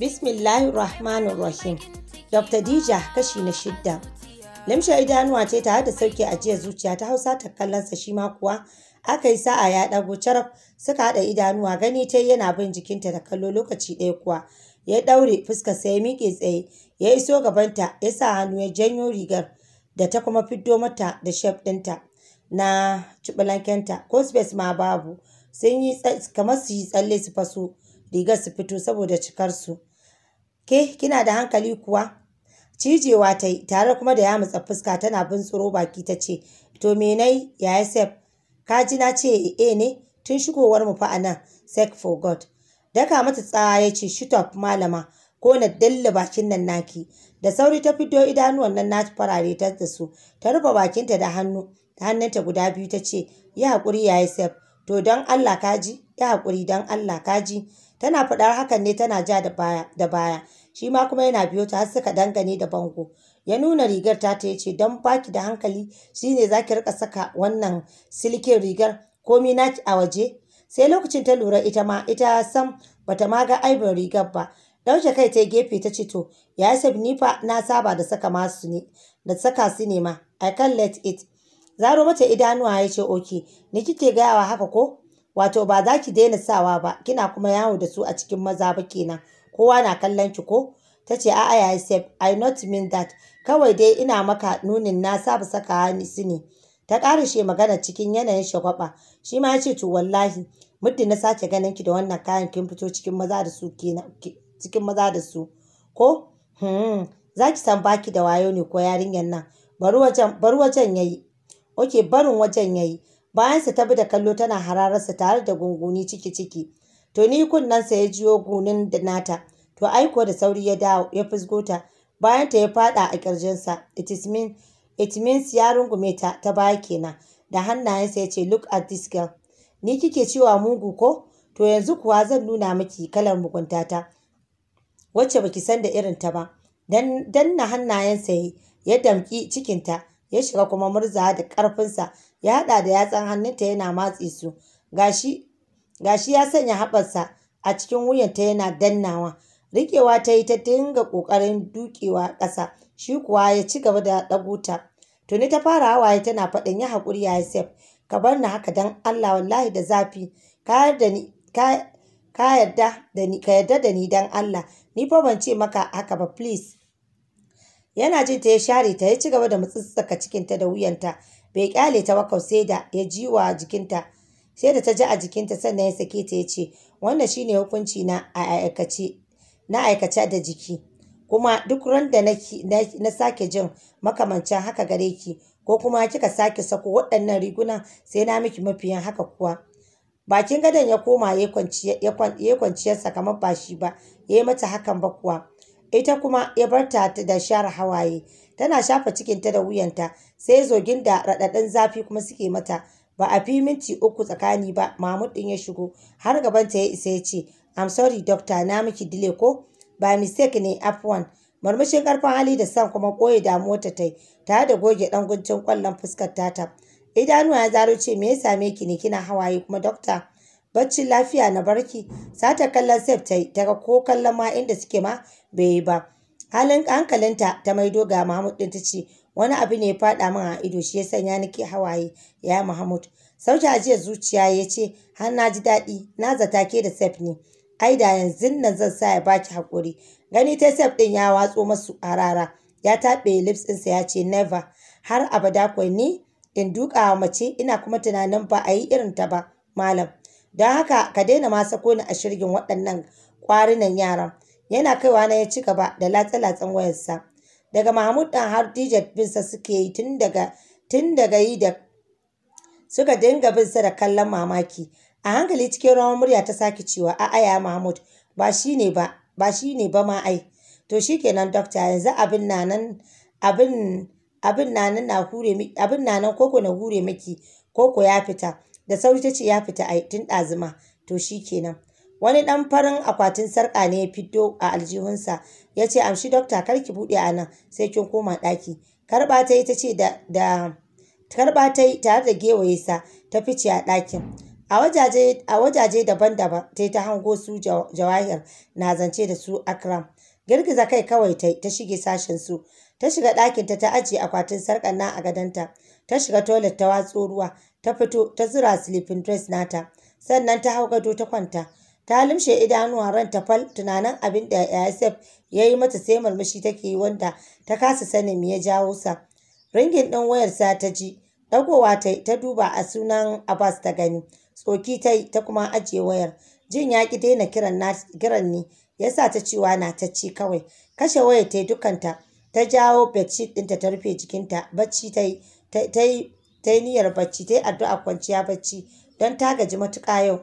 Bismillahirrahmanirrahim. Dr. Dija kashi na shidda. Limshe idanuwa ce ta da sauke a jiya zuciya ta hausa ta kallonsa shi ma kuwa aka yi sa'a ya dago caraf suka haɗa idanuwa gani ta yana bin jikinta da kallo lokaci ɗaya kuwa ya ɗaure sai ya miƙe tsaye ya iso gabanta ya sa hannu ya janyo rigar da ta kuma fiddo mata da shef ɗinta na cibilankenta ko space ma babu sun yi kamar su yi tsalle su faso rigar su fito saboda cikarsu Ke, kina da hankali kuwa? Cijewa ta yi, tare kuma da ya yamutsa fuska tana bin tsoro baki ta ce, To me nai, yaya Sef? Ka ji na ce e ne, tun shigowar mu fa anan, sec for God. Daka mata tsawa ya ce, Shut up, malama, ko na dalla bakin nan naki. Da sauri ta fito idanuwan nan na farare ta da su, ta rufe bakinta da hannu, hannunta guda biyu ta ce, Yi haƙuri, yaya Sef, to don Allah ka ji yi haƙuri don Allah ka ji. tana faɗar hakan ne tana ja da baya da baya shi ma kuma yana biyo ta har suka dangane da bango ya nuna rigar ta ta yace dan baki da hankali shine zaki rika saka wannan silikin rigar komi na a waje sai lokacin ta lura ita ma ita sam bata ma ga aibin rigar ba Dauce kai ta gefe ta ce to ya ni fa na saba da saka masu ne da saka su ne ma I can let it zaro mace idanuwa ya ce oke ni kike gayawa haka ko wato ba za ki daina sawa ba kina kuma yawo da su a cikin maza ba kenan kowa na kallon ki ko ta ce a'a ya sef i not mean that kawai dai ina maka nunin na saba saka ni su ne ta shi magana cikin yanayin shagwaba shi ma ya ce to wallahi muddi na sake ganin ki da wannan kayan kin fito cikin maza da su ko hmm za ki san baki da wayo ne ko yarinyar nan bari wajen yayi oke barin wajen yayi bayansa ta bi da kallo tana hararsa tare da gunguni ciki ciki to ni kunnensa ya jiyo gunin da nata to aiko da sauri ya dawo ya fusgota bayan ta ya fada a kirjinsa it means ya rungume ta ta baya kenan da hannayensa ya ce look at this girl ni kike cewa mugu ko to yanzu kuwa zan nuna miki kalar ta wacce baki san da irin ta ba dan na hannayensa ya damƙi cikinta ya shiga kuma murza da ƙarfinsa ya haɗa da yatsan hannunta yana matse su gashi gashi ya sanya haɓarsa a cikin wuyanta yana dannawa riƙewa ta yi ta dinga ƙoƙarin dukewa ƙasa shi kuwa ya ci gaba da ɗaguta tuni ta fara hawaye tana faɗin ya haƙuri ya sef ka bar ni haka dan Allah wallahi da zafi ka yarda ni ka yarda da ni ka yarda da ni dan Allah ni fa ban ce maka haka ba please yana jin ta ya share ta ya ci gaba da mutsutsaka cikinta da wuyanta bai kyale ta wakau sai da ya ji wa jikinta sai da ta ji a jikinta sannan ya sake ta ya ce wannan shine hukunci na aikace na aikace da jiki kuma duk ran na sake jin makamancin haka gare ki ko kuma kika sake sako waɗannan riguna sai na miki mafiyan haka kuwa bakin gadon ya koma ya kwanciyarsa kamar saka ba ya yi mata hakan ba kuwa ita kuma ya barta da share hawaye tana shafa cikinta da wuyanta sai zogin da raɗaɗin zafi kuma suke mata ba a fi minti uku tsakani ba mahmud ɗin ya shigo har gabanta ya isa ya ce i'm sorry doctor na miki dile ko ba mistake ne 1 marmashin karfin hali da san kuma koye damuwa ta tai tare da goge ɗan guntun kwallon fuskar tata idanuwa ya zaro ce me ya same ki ne kina hawaye kuma doctor baccin lafiya na barki sata kallon sef ta yi daga ko kallon ma inda suke ma bai yi ba halin hankalinta ta maido ga Mahmud ɗin ta ce wani abu ne ya faɗa min a ido shi ya sanya nake hawaye ya Mahmud a jiya zuciya ya ce har na ji daɗi na zata ke da sef ne ai da yanzu nan zan sa ya baki haƙuri gani ta sef ɗin ya watso masu arara ya taɓe lips ɗinsa ya ce never har abada kwai ni in duka wa mace ina kuma tunanin ba a yi irin ta ba malam don haka ka daina ma sako ni a shirgin waɗannan kwarinan yaran yana kaiwa na ya ci gaba da latsa-latsan wayarsa daga mahmud ɗan har dj binsa suke yi tun daga yi da suka dinga binsa da kallon mamaki a hankali cikin rawar murya ta sake cewa a aya mahmud ba shi ne ba ba shi ne ba ma ai to kenan dokta yanzu abin na nan hure abin koko na hure miki koko ya fita da sauri ta ce ya fita ai tun ɗazuma to shi kenan. wani ɗan farin akwatin sarƙa ne ya fito a aljihunsa ya ce amshi dokta kar ki buɗe a nan sai kin koma ɗaki karɓa ta yi ta ce da karɓa ta yi tare da gewaye sa ta fice a ɗakin a wajaje daban-daban ta yi ta hango su jawahir na zance da su akram girgiza kai kawai ta ta shige sashen su ta shiga ɗakinta ta ajiye akwatin sarƙar na a gadonta ta shiga toilet ta watso ruwa ta fito ta zura sleeping dress nata sannan ta hau gado ta kwanta ta limshe idanuwa ran ta fal tunanin abin da yasef ya yi mata sai murmushi take yi wanda ta kasa sani me ya jawo sa ringin ɗin sa ta ji ɗagowa ta ta duba a sunan abbas ta gani tsoki ta ta kuma ajiye wayar jin ya ki daina kiran ni yasa sa ta cewa na ta ci kawai kashe wayar ta yi dukanta ta jawo bacci ɗinta ta rufe jikinta bacci ta yi ta yi niyyar bacci ta yi addu'a kwanciya bacci don ta gaji matuƙa yau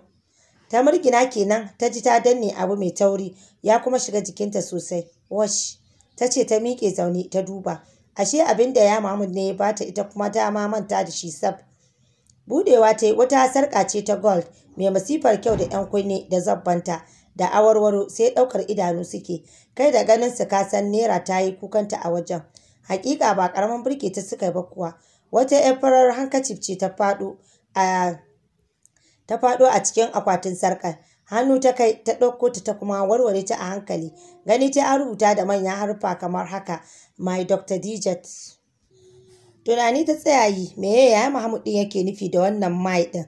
ta murgina kenan ta ji ta danne abu mai tauri ya kuma shiga jikinta sosai wash ta ce ta miƙe zaune ta duba ashe abin da ya mamun ne ya bata ita kuma ta ma manta da shi sab budewa ta yi wata sarƙa ce ta gold mai masifar kyau da yan kunne da zabbanta da awarwaro sai ɗaukar idanu suke kai da ganin su ka san naira ta yi kukanta a wajen hakika ba ƙaramin birke ta suka ba kuwa wata 'yar farar hankacif ce ta faɗo a ta faɗo a cikin akwatin sarkar hannu ta kai ta ɗauko ta ta kuma warware ta a hankali gani ta an rubuta da manya harfa kamar haka my dr dijet tunani ta tsaya yi me ya mahmud ɗin yake nufi da wannan mai din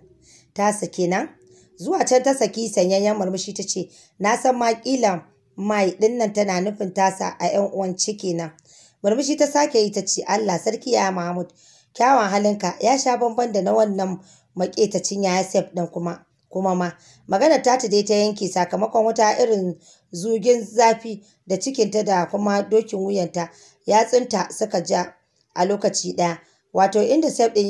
tasa kenan zuwa can ta saki sanyayyen murmushi ta ce na san ma mai ɗin nan tana nufin tasa a yan uwan ciki nan murmushi ta sake yi ta ce allah sarki ya mahmud kyawun halinka ya sha bamban da na wannan maƙetacin Yasef ɗin kuma kuma ma magana ta ta dai ta yanke sakamakon wata irin zugin zafi da cikinta da kuma dokin wuyanta yatsunta suka ja a lokaci ɗaya wato inda sef ɗin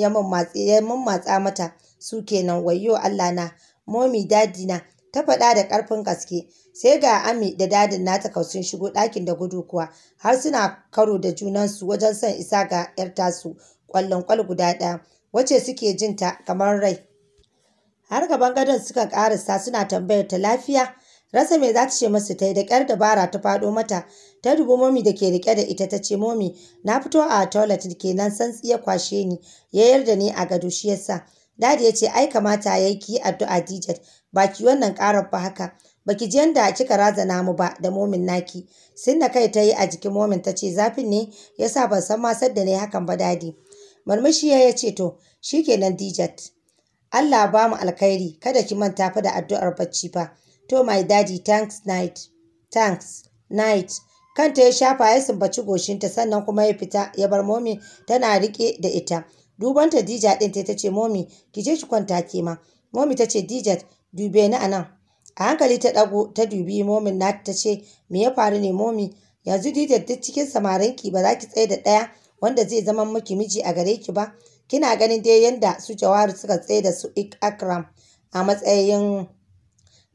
ya mummatsa mata su kenan wayo Allah na momi dadi na ta faɗa da ƙarfin gaske sai ga ami da dadin nata sun shigo ɗakin da gudu kuwa har suna karo da junansu wajen son isa ga 'yar tasu ƙwallon ƙwal guda ɗaya Wace suke jin ta kamar rai har gaban gadon suka karasa suna tambayar ta lafiya rasa me za ta ce masu ta yi da ƙyar dabara ta faɗo mata ta dubu momi da ke riƙe da ita ta ce momi na fito a toilet kenan santsi ya kwashe ni ya yarda ni a gado shi yasa dadi ya ce ai kamata ya yi addu'a dijet baki wannan ƙarar ba haka baki ji yanda kika razana mu ba da momin naki sinna kai ta yi a jikin momin ta ce zafin ne yasa ban san ma da ne hakan ba dadi marmashi ya ce to shikenan Dijat. Allah ba mu alkhairi kada ki manta fa da addu'ar bacci fa. To my daddy thanks night. Thanks night. Kanta ya shafa ya sumbaci goshinta sannan kuma ya fita ya bar momi tana rike da ita. Dubanta Dija ɗin ta ce momi ki je ki kwanta ke ma. Momi ta ce Dijat dube ni anan. A hankali ta ɗago ta dubi momin na ta ce me ya faru ne momi yanzu Dijat duk cikin samarinki ba za ki tsaye da ɗaya wanda zai zama miki miji a gare ki ba kina ganin dai yanda su jawaru suka tsaye da su Ik akram a matsayin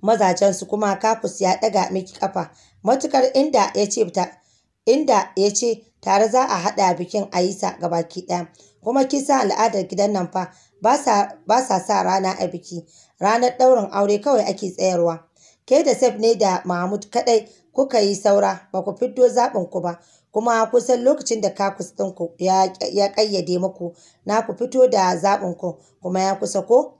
mazajen su kuma kafus ya daga miki kafa matukar inda ya ce ta inda ya ce tare za a haɗa bikin ayisa ga baki ɗaya kuma kisa al'adar gidan nan fa ba sa sa rana a biki ranar ɗaurin aure kawai ake tsayarwa ke da sef ne da mahmud kaɗai kuka yi saura ba ku fiddo zaɓin ku ba kuma kusan lokacin da kakus ɗinku ya ƙayyade muku na ku fito da zaɓinku kuma ya kusa ko?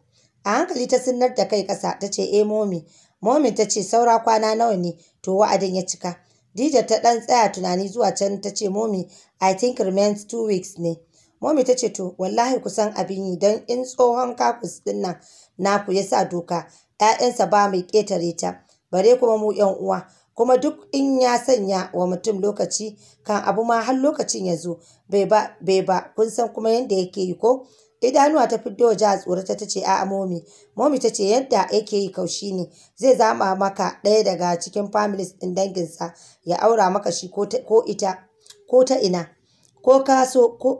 A hankali ta sinar da kai ƙasa ta ce eh momi. Momi ta ce saura kwana nawa ne to wa'adin ya cika. Dija ta ɗan tsaya tunani zuwa can ta ce momi I think remains two weeks ne. Momi ta ce to wallahi kusan abin yi don in tsohon kakus ɗin nan naku ya sa doka ‘ya'yansa ba mai ƙetare ta bare kuma mu ‘yan uwa kuma duk in ya sanya wa mutum lokaci kan abu ma har lokacin ya zo bai ba bai ba kun san kuma yadda yake yi ko idanuwa ta fiddo ja tsorata ta ce a momi momi ta ce yadda yake yi kaushi ne zai zama maka ɗaya daga cikin families in danginsa ya aura maka shi ko ita ko ta ina ko ka so ko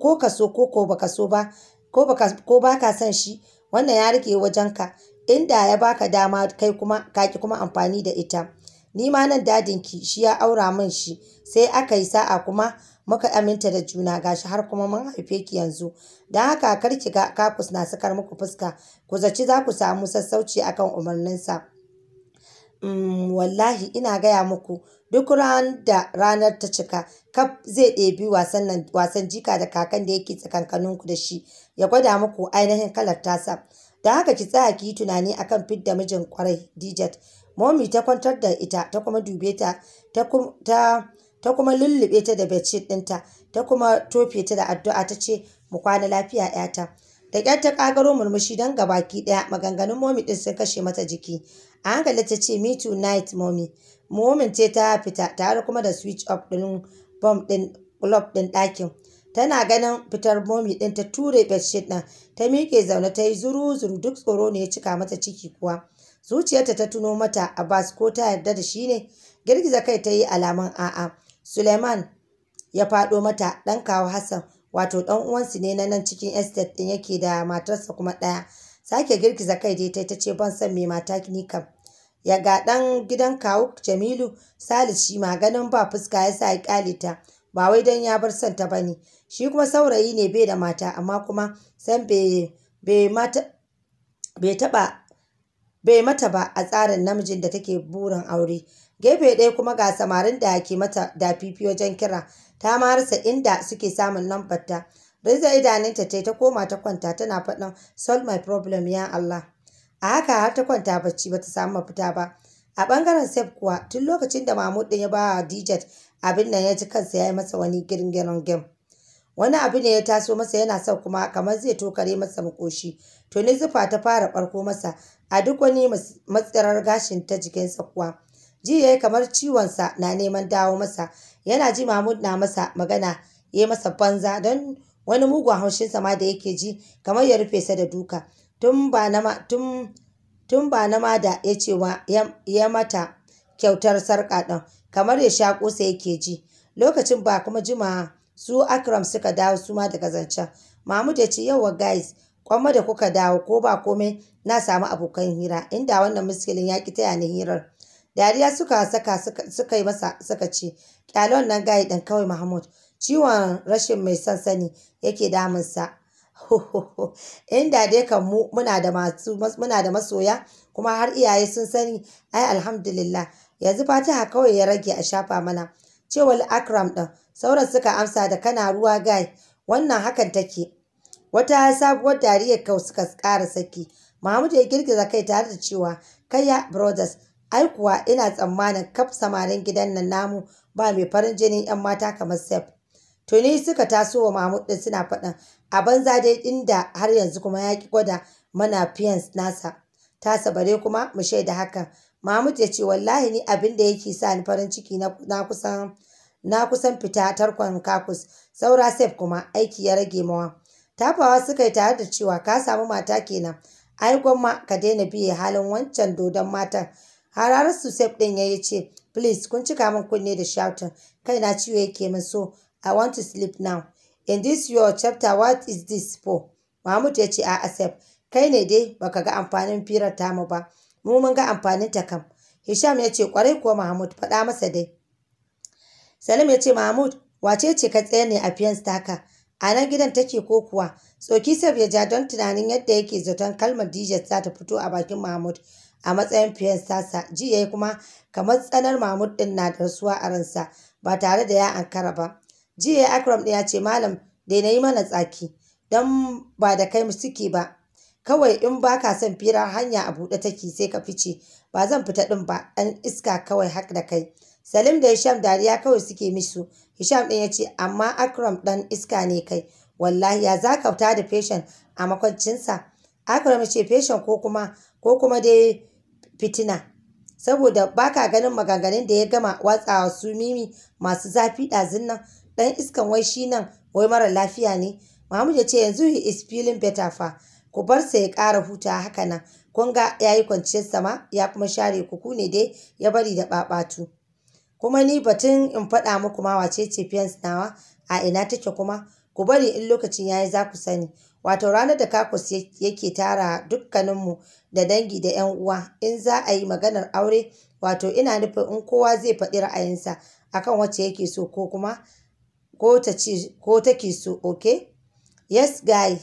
ko baka so ba ko baka ko baka son shi wannan ya rike wajenka inda ya baka dama kai kuma kaki kuma amfani da ita Ni ma nan dadinki shi ya aura min shi sai aka yi sa'a kuma muka aminta da juna gashi har kuma mun haife ki yanzu. Don haka kar ki ga kakus na sakar muku fuska. Ku zaci za ku samu sassauci akan umarnin umarninsa. Mm, wallahi ina gaya muku duk ran da ranar ta cika kaf zai ɗebi wasan jika da kakan da yake tsakankaninku da shi ya gwada muku ainihin kalar tasa. Don haka ki tsaya ki yi tunani akan fidda mijin kwarai Dijet. momi ta kwantar da ita ta kuma dube ta ta kuma lullube ta da bedsheet ɗinta ta kuma tofe ta da addu'a ta ce mu kwana lafiya 'yata da ƙyar ta ƙagaro murmushi don gabaki ɗaya maganganun momi ɗin sun kashe mata jiki a hankali ta ce me too night momi momin ce ta fita tare kuma da switch off ɗin bom ɗin club ɗin ɗakin tana ganin fitar momi ɗin ta ture bedsheet ɗin ta miƙe zaune ta yi zuru zuru duk tsoro ne ya cika mata ciki kuwa zuciyarta ta tuno mata a Abbas ko ta yarda da shi ne girgiza kai ta yi alaman a'a Suleiman ya faɗo mata ɗan kawo Hassan wato ɗan uwansu ne na nan cikin estate ɗin yake da matarsa kuma ɗaya sake girgiza kai dai ta ce ban san me mata ni kam ya ga ɗan gidan kawo Jamilu Salis shi ma ganin ba fuska ya sa ya ƙyale ta ba wai don ya bar son ta bane shi kuma saurayi ne bai da mata amma kuma san bai bai mata bai taɓa bai mata ba a tsarin namijin da take burin aure gefe ɗaya kuma ga samarin da ke mata da fifi wajen kira ta ma rasa inda suke samun lambar ta riza idanunta ta ta koma ta kwanta tana faɗin solve my problem ya Allah a haka har ta kwanta bacci bata samu mafita ba a ɓangaren sef kuwa tun lokacin da mahmud ɗin ya ba wa dijet abin nan ya ji kansa ya yi masa wani girgirin gem wani abu ne ya taso masa yana son kuma kamar zai tokare masa makoshi to ni zufa ta fara ɓarko masa a duk wani matsirar gashin ta jikinsa kuwa ji yayi kamar ciwonsa na neman dawo masa yana ji mahmud na masa magana ya masa banza don wani mugun haushinsa ma da yake ji kamar ya rufe sa da duka tun ba na ma da ya ce ya mata kyautar sarƙa ɗin kamar ya sha ƙusa yake ji lokacin ba kuma jima su akram suka dawo su ma daga zancen mahmud ya ce wa guys kwamma da kuka dawo ko ba komai na samu abokan hira inda wannan muskilin ya ki taya ni hirar dariya suka saka suka yi masa suka ce kyalon nan gayi dan kawai mahmud ciwon rashin mai sani yake sa inda dai kan mu muna da masu muna da masoya kuma har iyaye sun sani ai alhamdulillah yanzu fatiha kawai ya rage a shafa mana cewar akram din. sauran suka amsa da kana ruwa gai wannan hakan take wata sabuwar dariyar kau suka kara saki Mahmud ya girgiza kai tare da cewa kaya brothers ai kuwa ina tsammanin kaf samarin gidan nan namu ba mai farin jinin 'yan mata kamar Sef. Tuni suka taso wa Mahmud din suna faɗan. a banza dai inda har yanzu kuma ya ki gwada mana fiyan nasa. Tasa bare kuma mu shaida hakan. Mahmud ya ce wallahi ni abin da yake sa ni farin ciki na kusan na kusan fita tarkon kakus saura Sef kuma aiki ya rage mawa. Tafawa suka yi tare da cewa ka samu mata kenan ai gwamma ka daina biye halin wancan dodon matan hararar su sef ɗin ya ce please kun cika min kunne da shouting kai na ciwo yake min so i want to sleep now in this your chapter what is this for mahmud ya ce a sef kai ne dai baka ga amfanin firar tamu ba mu mun ga amfanin ta kam hisham ya ce kwarai kuwa mahmud faɗa masa dai salim ya ce mahmud wace ce ka tsaya ne a fiyan staka a nan gidan take ko kuwa tsoki sab ya ja don tunanin yadda yake zaton kalmar dj za ta fito a bakin mahmud a matsayin fiyan sasa ji yayi kuma kamar tsanar mahmud din na da rasuwa a ransa ba tare da ya ankara ba ji yayi akram ya ce malam da na yi mana tsaki don ba da kai suke ba kawai in ba ka son firar hanya a buɗe take sai ka fice ba zan fita ɗin ba ɗan iska kawai hak da kai Salim da Hisham dariya kawai suke mishi Hisham ɗin ya ce amma Akram ɗan iska ne kai wallahi ya za fita da feshen a makwancinsa. Akram ya ce feshen ko kuma ko kuma dai fitina. Saboda baka ganin maganganun da ya gama watsawa su mimi masu zafi ɗazin nan ɗan iskan wai shi nan wai mara lafiya ne. Mahmud ya ce yanzu he is feeling better fa. Ku bar sa ya ƙara huta haka nan. Kun ga ya yi kwanciyar sama ya kuma share kuku ne dai ya bari da ɓaɓatu. kuma ni batun in faɗa muku ma wace ce fiyans nawa a ina take kuma ku bari in lokacin yayi za ku sani wato ranar da kakus yake tara dukkaninmu da dangi da 'yan uwa in za a yi maganar aure wato ina nufin in kowa zai faɗi ra'ayinsa akan wacce yake so ko kuma ko ta ke take so ok yes guy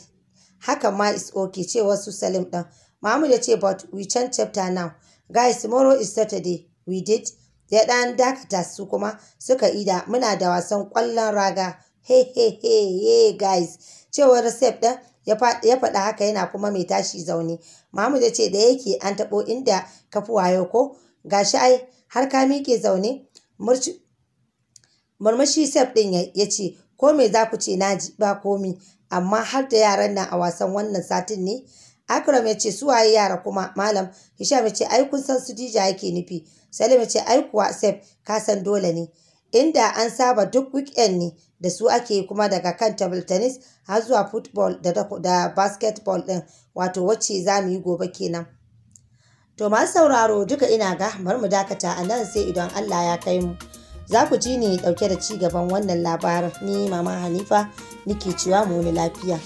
haka ma is oke ce wasu salim ɗan mamu ya ce but we change chapter now guys tomorrow is saturday we did ya ɗan dakata su kuma suka ida muna da wasan ƙwallon raga he he he he guys cewar sef ɗin ya faɗa haka yana kuma mai tashi zaune mahmud ya ce da yake an taɓo inda ka fi wayo ko gashi ai har ka miƙe zaune murmushi sef ɗin ya ce ko me za ku ce na ji ba komi amma har da yaran nan a wasan wannan satin ne Akram ya ce waye yara kuma malam Hisham ya ce ai kun san su Dija yake nufi Salim ya ce ai kuwa Sef ka san dole ne inda an saba duk weekend ne da su ake kuma daga kan table tennis har zuwa football da, da basketball din wato wacce za mu yi gobe kenan to masu sauraro duka ina ga bari mu dakata a nan sai idan Allah ya kai mu za ku ji ni dauke da ci gaban wannan labarin ni mama Hanifa nike cewa mu lafiya